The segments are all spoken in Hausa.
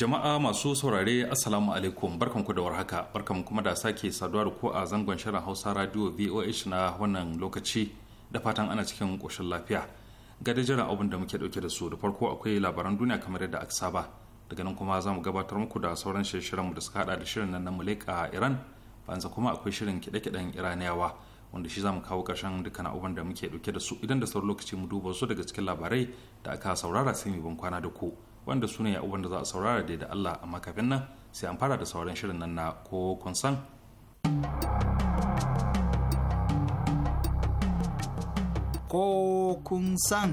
Jama'a masu saurare Assalamu alaikum barkanku da warhaka barkanku kuma da sake saduwa da ku a zangon shirin Hausa Radio VOH na wannan lokaci da fatan ana cikin ƙoshin lafiya. Ga jiran abin da muke ɗauke da su da farko akwai labaran duniya kamar yadda aka saba daga nan kuma za mu gabatar muku da sauran shirin mu da suka hada da shirin nan na a Iran banza kuma akwai shirin kiɗe-kiɗen Iraniyawa wanda shi za mu kawo ƙarshen dukkan abubuwan da muke dauke da su idan da sauran lokaci mu duba su daga cikin labarai da aka saurara sai mu bin kwana da ku. wanda su ne abubuwan da za a saurara da Allah amma kafin nan sai an fara da sauran shirin nan na ko kun san. Ko kun san.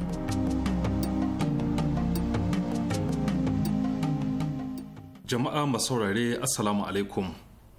Jama'a masaurare Assalamu alaikum.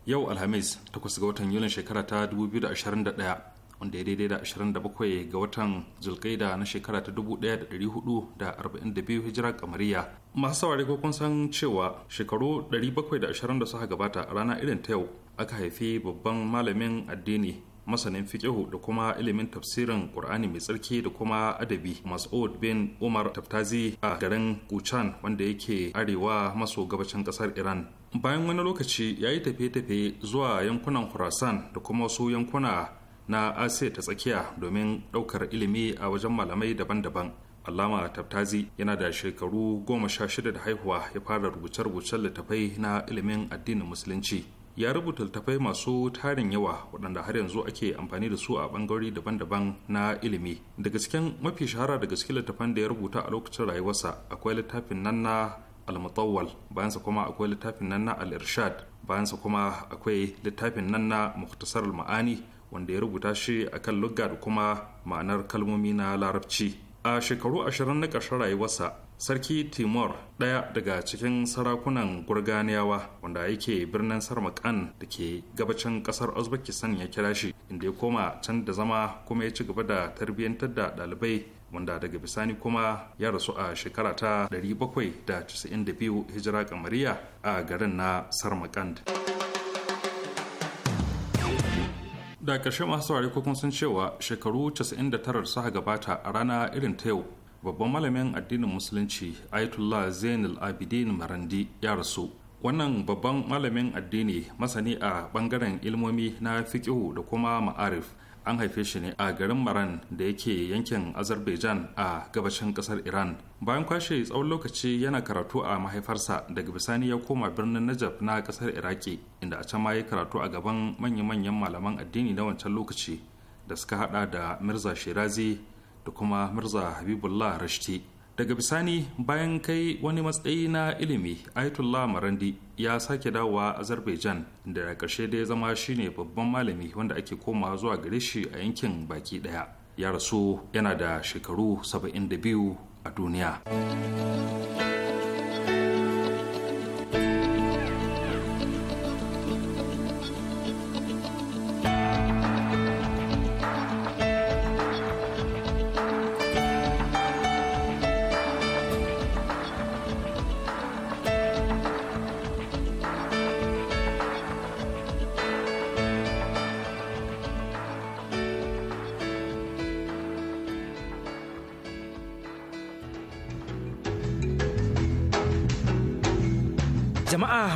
Yau Alhamis, takwas ga watan Yulin shekara ta 2021 wanda ya daidai da 27 ga watan zulkaida na shekara ta 1442 hijira kamariya masu saurari ko kun san cewa shekaru 720 da suka gabata a rana irin ta yau aka haifi babban malamin addini masanin fiqihu da kuma ilimin tafsirin ƙur'ani mai tsarki da kuma adabi mas'ud bin umar taftazi a garin kuchan wanda yake arewa maso gabacin ƙasar iran bayan wani lokaci ya yi tafiye-tafiye zuwa yankunan khurasan da kuma wasu yankuna na asiya ta tsakiya domin ɗaukar ilimi a wajen malamai daban-daban allama tabtazi yana da shekaru goma sha shida da haihuwa ya fara rubuce-rubucen littafai na ilimin addinin musulunci ya rubuta littafai masu tarin yawa waɗanda har yanzu ake amfani da su a ɓangarori daban-daban na ilimi daga cikin mafi shahara daga cikin littafan da ya rubuta a lokacin rayuwarsa akwai littafin nan na al-mutawwal bayansa kuma akwai littafin nan na al-irshad bayansa kuma akwai littafin nan na muhtasar al-ma'ani wanda ya rubuta shi kan kan da kuma ma'anar kalmomi na larabci a shekaru ashirin na ƙarshen rayuwarsa sarki timor ɗaya daga cikin sarakunan gurganiyawa wanda yake birnin sarmakan da ke gabacin ƙasar uzbekistan ya kira shi inda ya koma can da zama kuma ya ci gaba da tarbiyyantar da ɗalibai wanda daga bisani kuma ya rasu a shekara ta 792 hijira kamariya a garin na sarmakand. da ƙarshe masu saurari ko san cewa shekaru 99 suka gabata a rana irin ta yau babban malamin addinin musulunci ayatollah zainul abidin marandi ya rasu wannan babban malamin addini masani a bangaren ilmomi na fikihu da kuma ma'arif an haife shi ne a garin maran da yake yankin azerbaijan a gabashin kasar iran bayan kwashe tsawon lokaci yana karatu a mahaifarsa daga bisani ya koma birnin najaf na kasar iraki inda a can ma ya karatu a gaban manya-manyan malaman addini na wancan lokaci da suka hada da mirza shirazi da kuma mirza habibullah rashti daga bisani bayan kai wani matsayi na ilimi ayatollah marandi ya sake dawowa azerbaijan da karshe da ya zama shine babban malami wanda ake koma zuwa gare shi a yankin baki daya ya rasu yana da shekaru 72 a duniya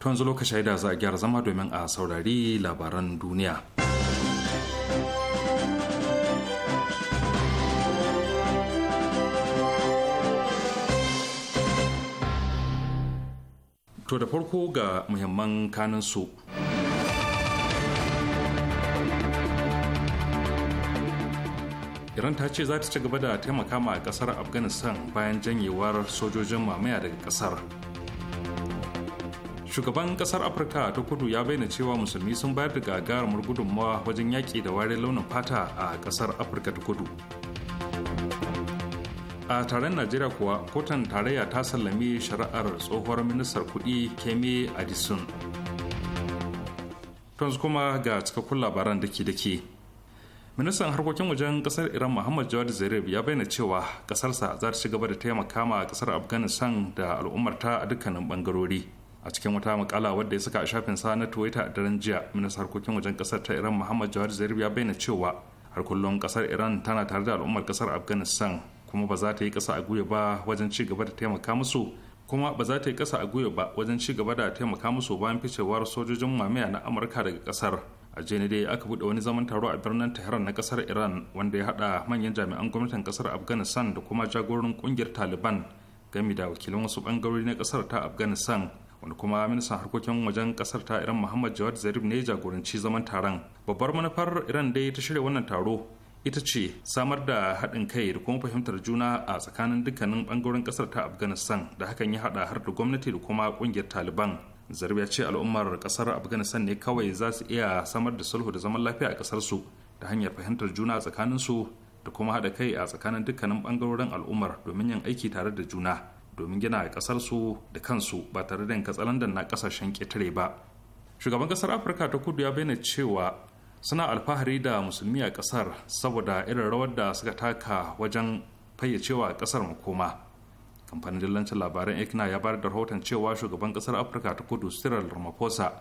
to yanzu lokacin da za a gyara zama domin a saurari labaran duniya to da farko ga muhimman kanin su iran ta ce za ta ci gaba da taimaka ma kasar afghanistan bayan janyewar sojojin mamaya daga kasar shugaban kasar afirka ta kudu ya bayyana cewa musulmi sun bayar da gagarumar gudunmawa wajen yaƙi da warin launin fata a kasar afirka ta kudu a taron najeriya kuwa kotun tarayya ta sallami shari'ar tsohuwar ministar Kuɗi kemi addison tons kuma ga cikakkun labaran daki-daki ministan harkokin wajen kasar iran muhammad jawad zarif ya bayyana cewa kasarsa za ta ci gaba da taimaka ma kasar afghanistan da al'ummarta a dukkanin bangarori a cikin wata makala wadda ya saka a shafin sa na twitter a daren jiya ministan harkokin wajen kasar ta iran muhammad jawar zarif ya bayyana cewa har kullum kasar iran tana tare da al'ummar kasar afghanistan kuma ba za ta yi kasa a guya ba wajen ci gaba da taimaka musu kuma ba za ta yi kasa a guya ba wajen ci gaba da taimaka musu bayan ficewar sojojin mamaya na amurka daga kasar a jene dai aka buɗe wani zaman taro a birnin tehran na kasar iran wanda ya haɗa manyan jami'an gwamnatin kasar afghanistan da kuma jagororin kungiyar taliban gami da wakilin wasu ɓangarori na kasar ta afghanistan wanda kuma ministan harkokin wajen kasar ta iran muhammad jawad zarif ne jagoranci zaman taron babbar manufar iran dai ta shirya wannan taro ita ce samar da haɗin kai da kuma fahimtar juna a tsakanin dukkanin ɓangaren ƙasar ta afghanistan da hakan ya haɗa har da gwamnati da kuma ƙungiyar taliban zarif ya ce al'ummar ƙasar afghanistan ne kawai za su iya samar da sulhu da zaman lafiya a ƙasar su ta hanyar fahimtar juna tsakanin su da kuma haɗa kai a tsakanin dukkanin ɓangarorin al'ummar domin yin aiki tare da juna domin gina kasarsu da kansu ba tare da katsalandan na kasashen ƙetare ba shugaban kasar afirka ta kudu ya bayyana cewa suna alfahari da musulmi a kasar saboda irin rawar da suka taka wajen fayyacewa kasar makoma kamfanin dillancin labaran ekna ya bayar da rahoton cewa shugaban kasar afirka ta kudu cyril ramaphosa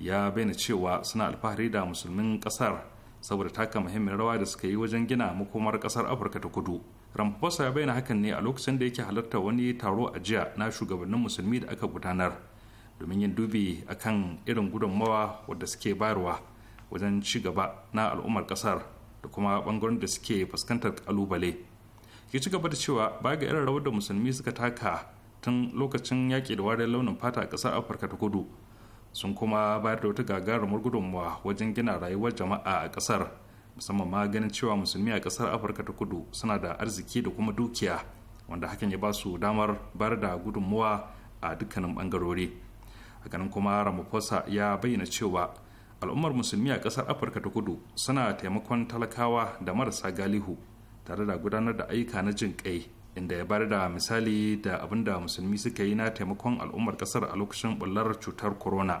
ya bayyana cewa suna alfahari da musulmin kasar saboda taka muhimmin rawa da suka yi wajen gina makomar kasar afirka ta kudu ramaphosa ya bayyana hakan ne a lokacin da yake halarta wani taro a jiya na shugabannin musulmi da aka gudanar domin yin dubi akan irin gudunmawa wadda suke bayarwa wajen ci gaba na al'ummar kasar da kuma bangaren da suke fuskantar kalubale ya ci gaba da cewa ba ga irin rawar da musulmi suka taka tun lokacin yaƙi da wariyar launin fata a ƙasar afirka ta kudu sun kuma bayar da wata gagarumar gudunmawa wajen gina rayuwar jama'a a ƙasar musamman ma ganin cewa musulmi a kasar afirka ta kudu suna da arziki da kuma dukiya wanda hakan ya ba su damar bayar da gudunmuwa a dukkanin bangarori ganin kuma ramaphosa ya bayyana cewa al'ummar musulmi a kasar afirka ta kudu suna taimakon talakawa da marasa galihu tare da gudanar da ayyuka na jin kai inda ya bayar da misali da abin da musulmi suka yi na taimakon al'ummar kasar a lokacin bullar cutar corona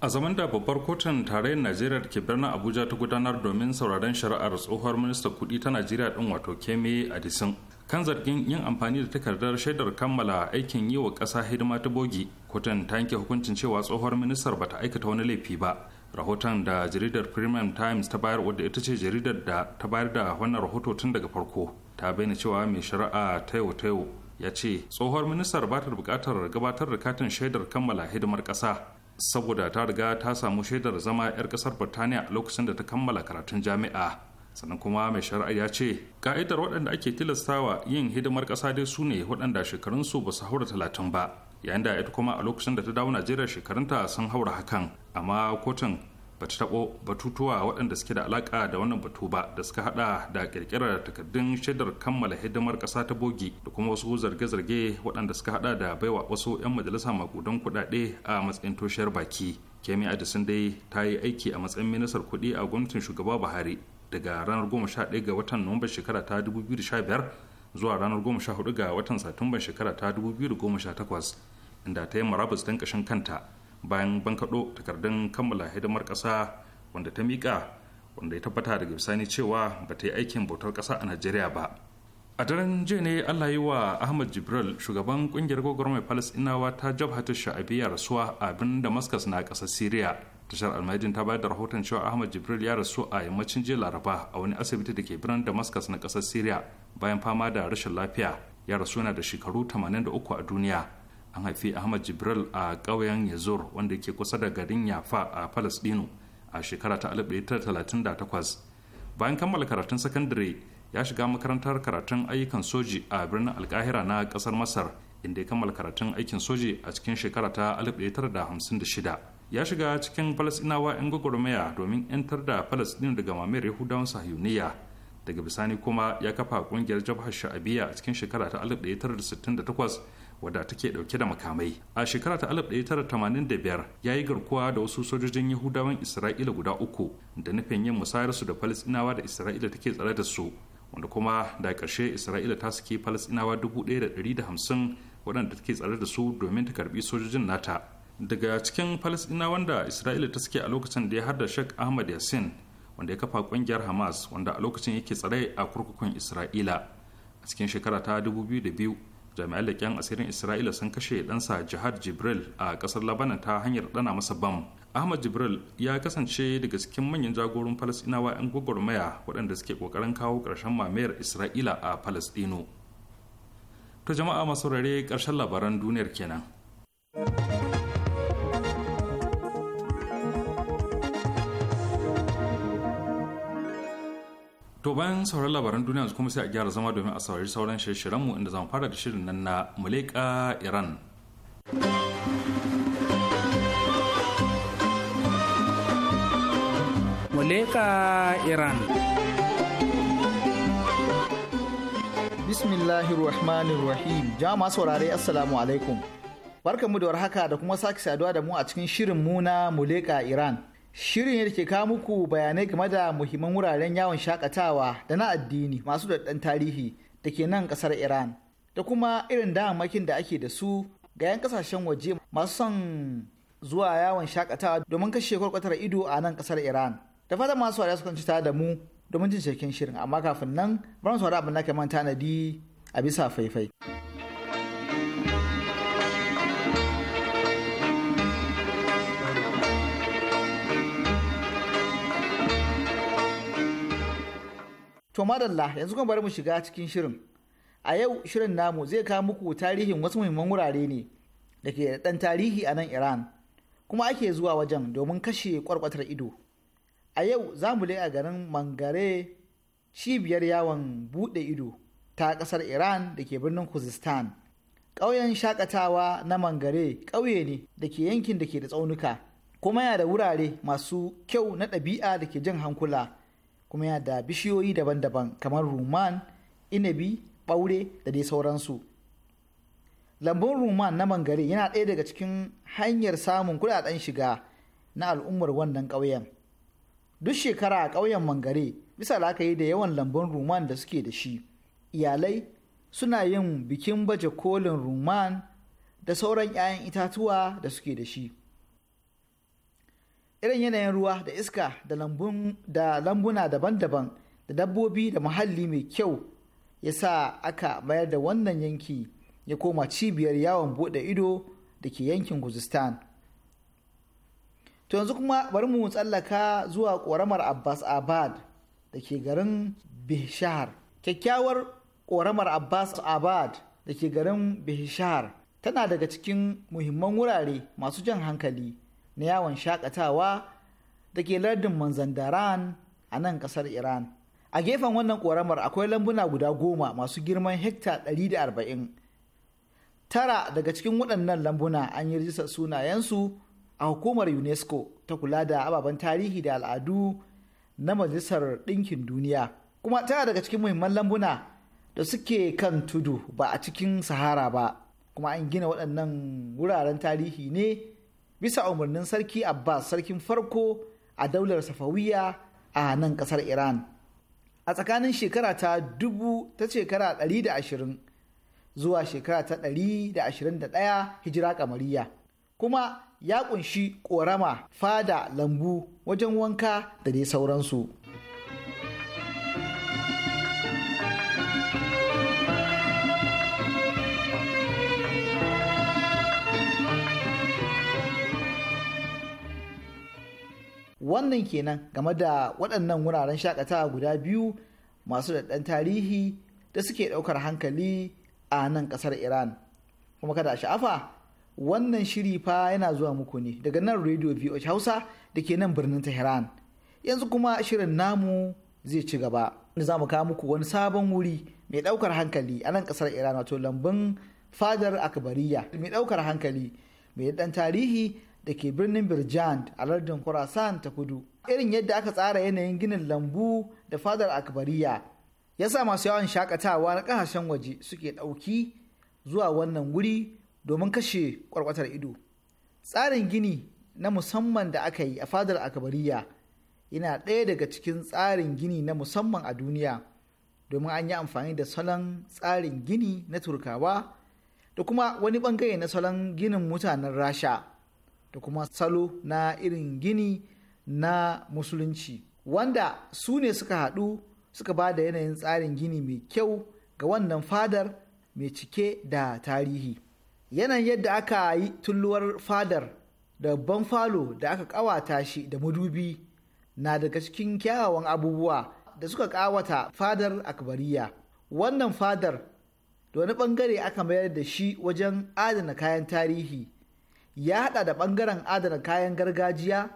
a zaman da babbar kotun tarayyar najeriya da ke birnin abuja ta gudanar domin sauraron shari'ar tsohuwar minista kudi ta najeriya din wato keme adisin kan zargin yin amfani da takardar shaidar kammala aikin yi wa ƙasa hidima ta bogi kotun ta yanke hukuncin cewa tsohuwar ministar bata aikata wani laifi ba rahoton da jaridar premium times ta bayar wadda ita ce jaridar da ta bayar da wannan rahoto tun daga farko ta bayyana cewa mai shari'a tayo tayo ya ce tsohuwar ministar ba ta buƙatar gabatar da katin shaidar kammala hidimar ƙasa saboda ta riga ta samu shaidar zama 'yar kasar birtaniya a lokacin da ta kammala karatun jami'a sannan kuma mai shari'a ya ce ka'idar waɗanda ake tilastawa yin hidimar ƙasa dai su ne waɗanda shekarunsu ba su haura talatin ba yayin da ita kuma a lokacin da ta dawo najeriya shekarunta sun haura hakan amma kotun ba ta taɓo batutuwa waɗanda suke da alaƙa da wannan batu ba da suka haɗa da ƙirƙirar takardun shaidar kammala hidimar ƙasa ta bogi da kuma wasu zarge-zarge waɗanda suka haɗa da baiwa wasu 'yan majalisa maƙudan kuɗaɗe a matsayin toshiyar baki kemi sun dai ta yi aiki a matsayin ministar kuɗi a gwamnatin shugaba buhari daga ranar 11 ga watan Nuwamba shekara ta 2015 zuwa ranar 14 ga watan satumban shekara ta 2018 inda ta yi murabus don ƙashin kanta bayan bankaɗo takardun kammala hidimar ƙasa wanda ta miƙa wanda ya tabbata daga bisani cewa ba ta yi aikin bautar ƙasa a najeriya ba a daren jiya ne allah yi wa ahmad jibril shugaban ƙungiyar mai palestinawa ta jabhata ta sha'abiyya rasuwa a birnin damascus na ƙasar syria tashar almajin ta bayar da rahoton cewa ahmad jibril ya rasu a yammacin jiya laraba a wani asibiti da ke birnin damascus na ƙasar syria bayan fama da rashin lafiya ya rasu yana da shekaru 83 a duniya an haifi ahmad jibril a ƙauyen yazur wanda ke kusa da garin yafa a palestino a shekara ta 1938 bayan kammala karatun sakandare ya shiga makarantar karatun ayyukan soji a birnin alkahira na ƙasar masar inda ya kammala karatun aikin soji a cikin shekara ta 1956 ya shiga cikin palestinawa 'yan gwagwarmaya domin 'yantar da falasɗinu daga mamayar yahudawan sahiyuniya daga bisani kuma ya kafa ƙungiyar jabhar sha'abiya a cikin shekara ta 1968 wadda take dauke da makamai a shekara ta 1985 ya yi garkuwa da wasu sojojin yahudawan isra'ila guda uku da nufin yin musayarsu da falasinawa da isra'ila take tsare da su wanda kuma da karshe isra'ila ta suke falasinawa 1,150 waɗanda take tsare da su domin ta karbi sojojin nata daga cikin falasina wanda isra'ila ta suke a lokacin da ya hada shek ahmad yasin wanda ya kafa kungiyar hamas wanda a lokacin yake tsare a kurkukun isra'ila a cikin shekara ta 2002 jami'an leƙen asirin isra'ila sun kashe ɗansa jihar jibril a ƙasar labanan ta hanyar ɗana masa bam ahmad jibril ya kasance daga cikin manyan jagorin falasɗinawa 'yan gwagwarmaya waɗanda suke ƙoƙarin kawo ƙarshen mamayar isra'ila a falasɗinu ta jama'a masu rare ƙarshen labaran duniyar kenan. to bayan sauran labaran duniya kuma sai a gyara zama domin a saurari sauran shirye-shiryenmu inda zamu fara da shirin nan na muleka iran muleka iran bismillahir rahmanir rahim jama'a saurare assalamu alaikum barkanmu da warhaka da kuma sake saduwa da mu a cikin shirin mu na muleka iran Shirin yake ke kawo muku bayanai game da muhimman wuraren yawon shakatawa da na addini masu daɗan tarihi da ke nan ƙasar Iran da kuma irin damakin da ake da su ga 'yan ƙasashen waje masu son zuwa yawon shakatawa domin kashe kwarkwatar ido a nan ƙasar Iran. Da fatan masu wariya sukan ci da mu domin jin cikin shirin amma kafin nan bari su abin da tanadi a bisa faifai. To madalla yanzu kuma bari mu shiga cikin shirin. A yau shirin namu zai kawo muku tarihin wasu muhimman wurare ne da ke da ɗan tarihi a nan Iran kuma ake zuwa wajen domin kashe kwarkwatar ido. A yau za mu a garin Mangare cibiyar yawon buɗe ido ta ƙasar Iran da ke birnin Kuzistan. Ƙauyen shakatawa na Mangare ƙauye ne da ke yankin da ke da tsaunuka kuma yana da wurare masu kyau na ɗabi'a da ke jan hankula. kuma yana da bishiyoyi daban-daban kamar ruman inabi ɓaure da dai sauransu lambun ruman na mangare yana ɗaya daga cikin hanyar samun kudaden shiga na al'ummar wannan ƙauyen duk shekara a ƙauyen mangare bisa la'akari da yawan lambun ruman da suke da shi iyalai suna yin bikin baje kolin ruman da sauran 'ya'yan itatuwa da suke da shi irin yanayin ruwa da iska da lambuna daban-daban da dabbobi da muhalli mai kyau ya sa aka mayar da wannan yanki ya koma cibiyar yawon bude ido da ke yankin guzistan to yanzu kuma bari mu tsallaka zuwa ƙoramar abbas abad da ke garin bishar kyakkyawar ƙoramar abbas abad da ke garin bishar tana daga cikin muhimman wurare masu jan hankali na yawon shakatawa da ke lardin manzandaran a nan kasar iran a gefen wannan ƙoramar akwai lambuna guda goma masu girman hekta 140 tara daga cikin waɗannan lambuna an yi rijistar sunayensu a hukumar unesco ta kula da ababen tarihi da al'adu na majalisar ɗinkin duniya kuma tara daga cikin muhimman lambuna da suke kan tudu ba a cikin sahara ba kuma an gina waɗannan wuraren tarihi ne bisa umarnin sarki abbas sarkin farko a daular safawiya a nan kasar iran a tsakanin shekara ta dubu ta shekara 120 zuwa shekara ta 121 hijira kamariya kuma ya kunshi korama fada lambu wajen wanka da dai sauransu wannan kenan game da waɗannan wuraren shakatawa guda biyu masu daɗan tarihi da suke ɗaukar hankali a nan ƙasar iran kuma kada a sha'afa wannan shiri fa yana zuwa muku ne daga nan radio voh hausa da ke nan birnin tehran yanzu kuma shirin namu zai ci gaba za mu kawo muku wani sabon wuri mai ɗaukar hankali a nan ƙasar iran wato lambun fadar akbariya mai ɗaukar hankali mai ɗan tarihi da ke birnin birjan a lardin Khorasan ta kudu irin yadda aka tsara yanayin ginin lambu da fadar akbariya ya sa masu yawan shakatawa na kasashen waje suke ɗauki zuwa wannan wuri domin kashe kwarkwatar ido tsarin gini na musamman da aka yi a fadar akbariya yana ɗaya daga cikin tsarin gini na musamman a duniya domin an yi amfani da salon tsarin gini na turkawa da kuma wani bangare na salon ginin mutanen rasha da kuma salo na irin gini na musulunci wanda su ne suka haɗu suka ba da yanayin tsarin gini mai kyau ga wannan fadar mai cike da tarihi yanayin yadda aka yi tulluwar fadar da babban falo da aka ƙawata shi da madubi na daga cikin kyawawan abubuwa da suka ƙawata fadar akbariya wannan fadar da wani ɓangare aka mayar da shi wajen adana kayan tarihi ya hada da bangaren adana kayan gargajiya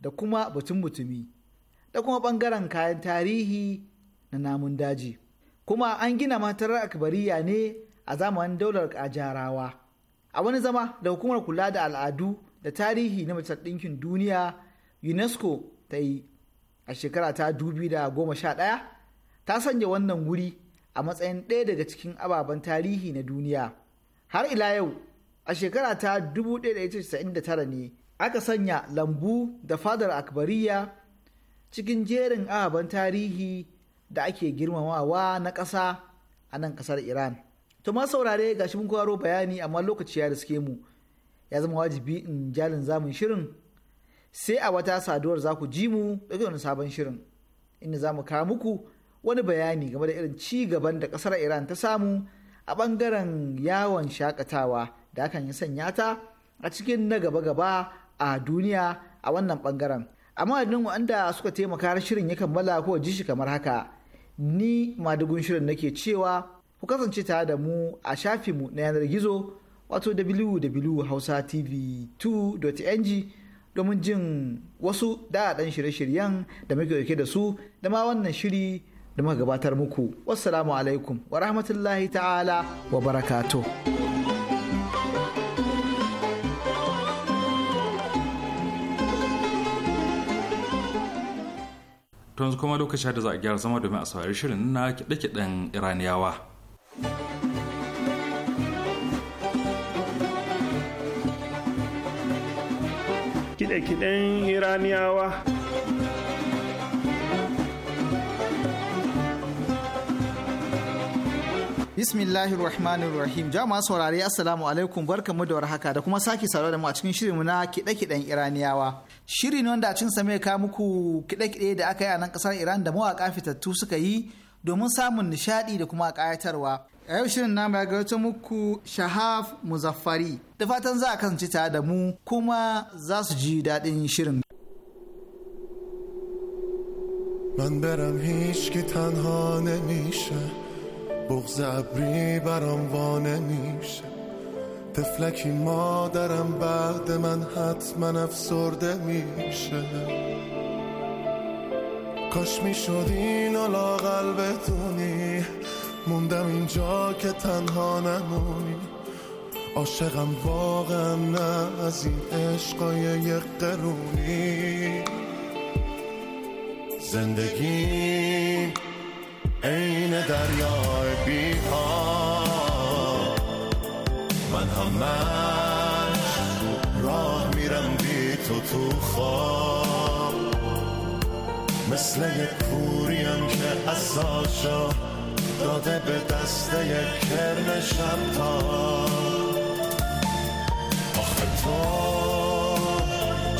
da kuma batun mutumi da kuma bangaren kayan tarihi na namun daji kuma an gina matar akbariya ne a zamanin daular kajarawa a wani zama da hukumar kula da al'adu da tarihi na majalisar ɗinkin duniya unesco ta yi a shekara ta ɗaya ta sanya wannan wuri a matsayin ɗaya daga cikin ababen tarihi na duniya har ila yau a shekara ta 1999 ne aka sanya lambu da fadar akbariya cikin jerin ababen tarihi da ake girmamawa na ƙasa a nan ƙasar iran to ma saurare ga mun kwaro bayani amma lokaci ya riske mu ya zama wajibi in jalin zamun shirin sai a wata saduwar za ku ji mu daga wani sabon shirin inda za mu kawo muku wani bayani game da irin ci gaban da ƙasar iran ta samu a ɓangaren yawon shakatawa da hakan ya sanya ta a cikin na gaba-gaba a duniya a wannan bangaren. Amma adinin wanda suka taimaka har shirin ya kammala ko ji shi kamar haka. Ni madugun shirin nake cewa ku kasance tare da mu a shafinmu na yanar gizo wato www.hausatv2.ng domin jin wasu daɗaɗɗen shirye-shiryen da muke dauke da su da ma wannan shiri da muka gabatar muku. Wassalamu alaikum wa rahmatullahi ta'ala wa barakatuh. to yanzu kuma lokacin da za a gyara zama domin a saurari shirin na kiɗe-kiɗen iraniyawa kiɗe-kiɗen iraniyawa Bismillahir Rahmanir Rahim. Jama'a saurare Assalamu alaikum mu da warhaka da kuma sake saurare da mu a cikin shirinmu na kiɗe-kiɗen Iraniyawa. Shirin ne wanda a cikin mai ka muku kiɗe-kiɗe da aka yi a nan ƙasar Iran da mawaƙa fitattu suka yi domin samun nishaɗi da kuma ƙayatarwa. A yau shirin namu ya gaito muku Shahaf Muzaffari. Da fatan za a kasance tare da mu kuma za su ji daɗin shirin. من برم هیچ که تنها نمیشه بغز ابری برام وانه میشه تفلکی مادرم بعد من حتما افسرده میشه کاش میشد این لاغل بتونی موندم اینجا که تنها نمونی عاشقم واقعا نه از این عشقای یک قرونی زندگی عین دریای بی من همش راه میرم بی تو تو خواب مثل یک کوریم که اساشا داده به دست یک کرم شمتا تا آخه تو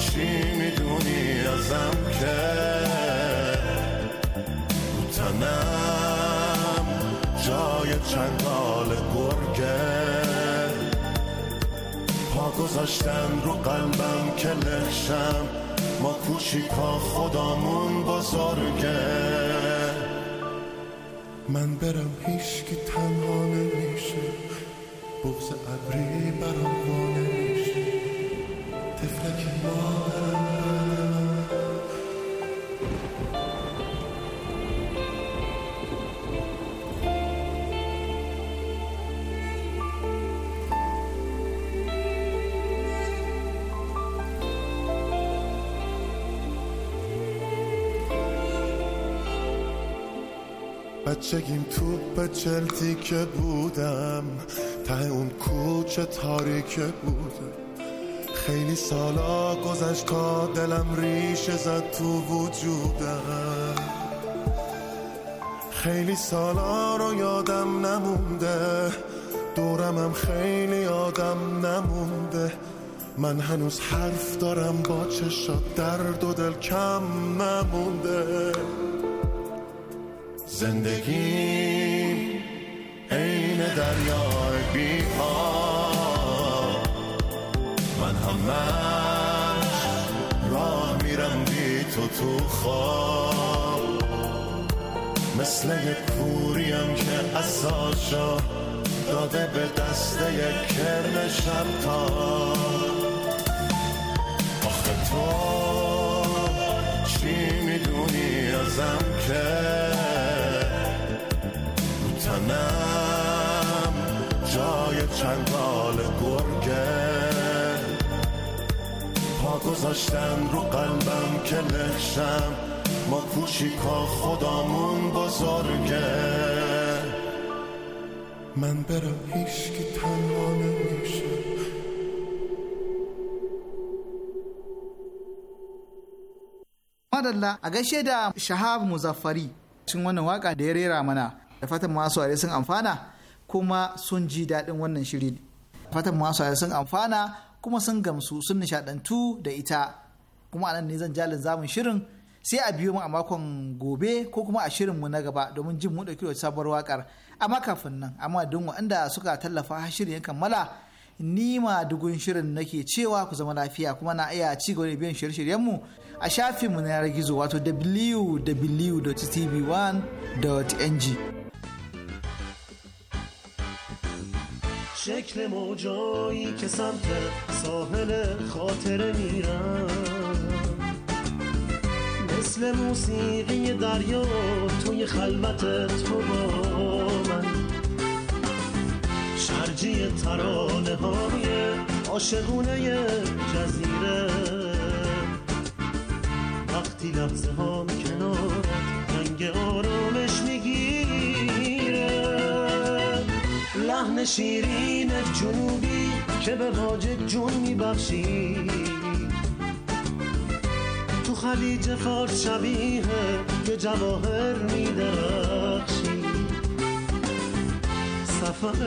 چی میدونی ازم چنگال گرگه پا گذاشتن رو قلبم که ما ما کوشیکا خدامون بزرگه من برم هیچ که تنها نمیشه بغز ابری برام وانه میشه تفلک مادر گیم تو به چلتی که بودم ته اون کوچه تاریک بوده خیلی سالا گذشت تا دلم ریشه زد تو وجودم خیلی سالا رو یادم نمونده دورمم خیلی آدم نمونده من هنوز حرف دارم با چشات درد و دل کم نمونده زندگی عین دریای بی من همش راه میرم بی تو تو خواب مثل یک پوریم که اساشا داده به دست یک کرن شبتا آخه تو چی میدونی ازم که کنم جای چنگال گرگه پا گذاشتن رو قلبم که نخشم ما کوچیکا خدامون بزرگه من برا که تنها نمیشه madalla a gaishe da shahab muzaffari cikin wannan waka da ya rera mana da fatan masu ware sun amfana kuma sun ji daɗin wannan shiri fatan masu ware sun amfana kuma sun gamsu sun nishadantu da ita kuma anan ne zan jalin zamun shirin sai a biyo mu a makon gobe ko kuma a mu na gaba domin jin mu dauki da sabuwar wakar amma kafin nan amma don waɗanda suka tallafa shirin ya kammala ni ma dugun shirin nake cewa ku zama lafiya kuma na iya ci gaba da biyan shirye-shiryenmu a shafinmu na yanar gizo wato www.tv1.ng شکل موجایی که سمت ساحل خاطره میرم مثل موسیقی دریا توی خلوت تو با من شرجی ترانه های عاشقونه جزیره وقتی لحظه هم کنارت رنگ آرامه لحن شیرین جنوبی که به واجد جون میبخشی تو خلیج فارس شبیه که جواهر میدرخشی سفر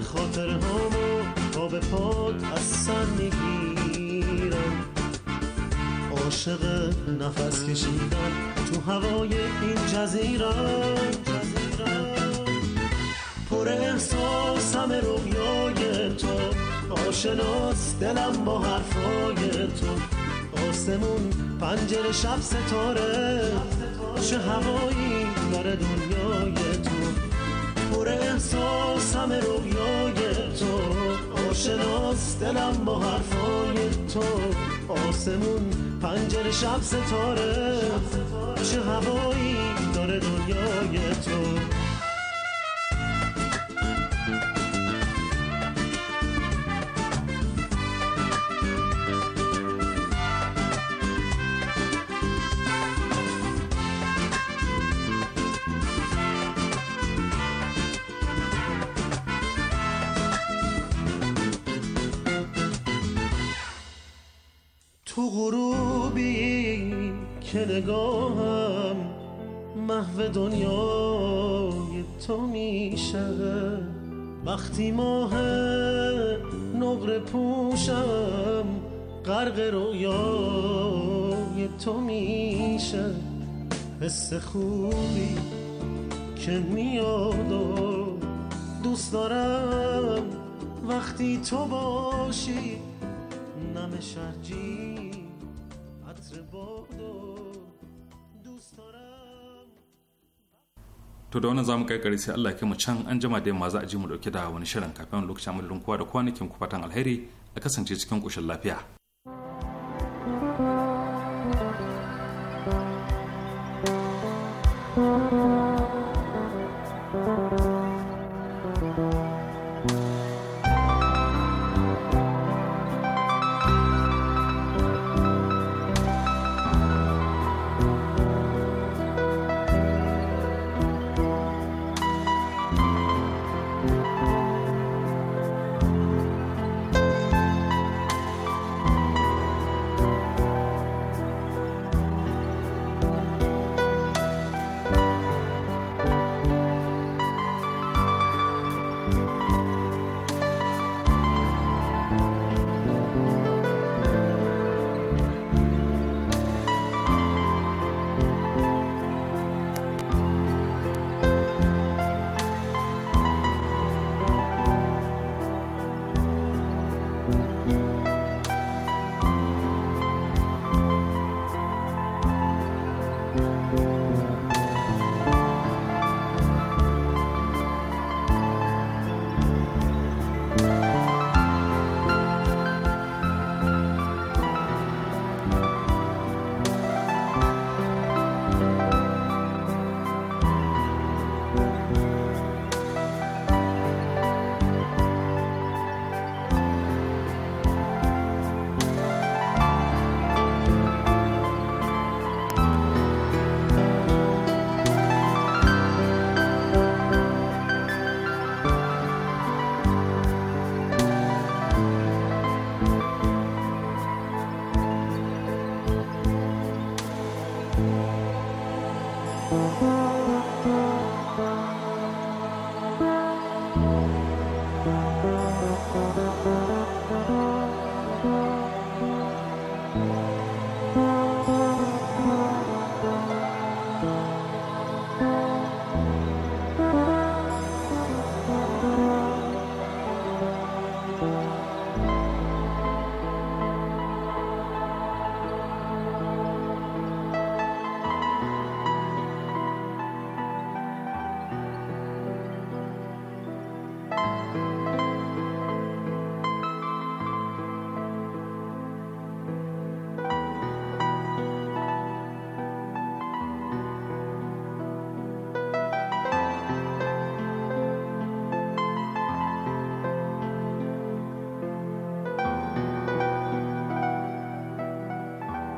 خاطر هامو تا به پاد از سر میگیرم عاشق نفس کشیدن تو هوای این جزیره پر احساسم رویای تو آشناس دلم با حرفای تو آسمون پنجره شب ستاره چه هوایی داره دنیای تو پر احساس همه رویای تو آشناس دلم با حرفای تو آسمون پنجره شب ستاره چه هوایی داره دنیای تو غروبی که نگاهم محو دنیای تو میشه وقتی ماه نقر پوشم غرق رویای تو میشه حس خوبی که میاد و دوست دارم وقتی تو باشی نم شرجی to da wannan zamu kai gari sai Allah ya kai mu can an jima da yamma za a ji mu dauke da wani shirin kafin lokacin mu da kowa da kwanakin kufatan alheri a kasance cikin koshin lafiya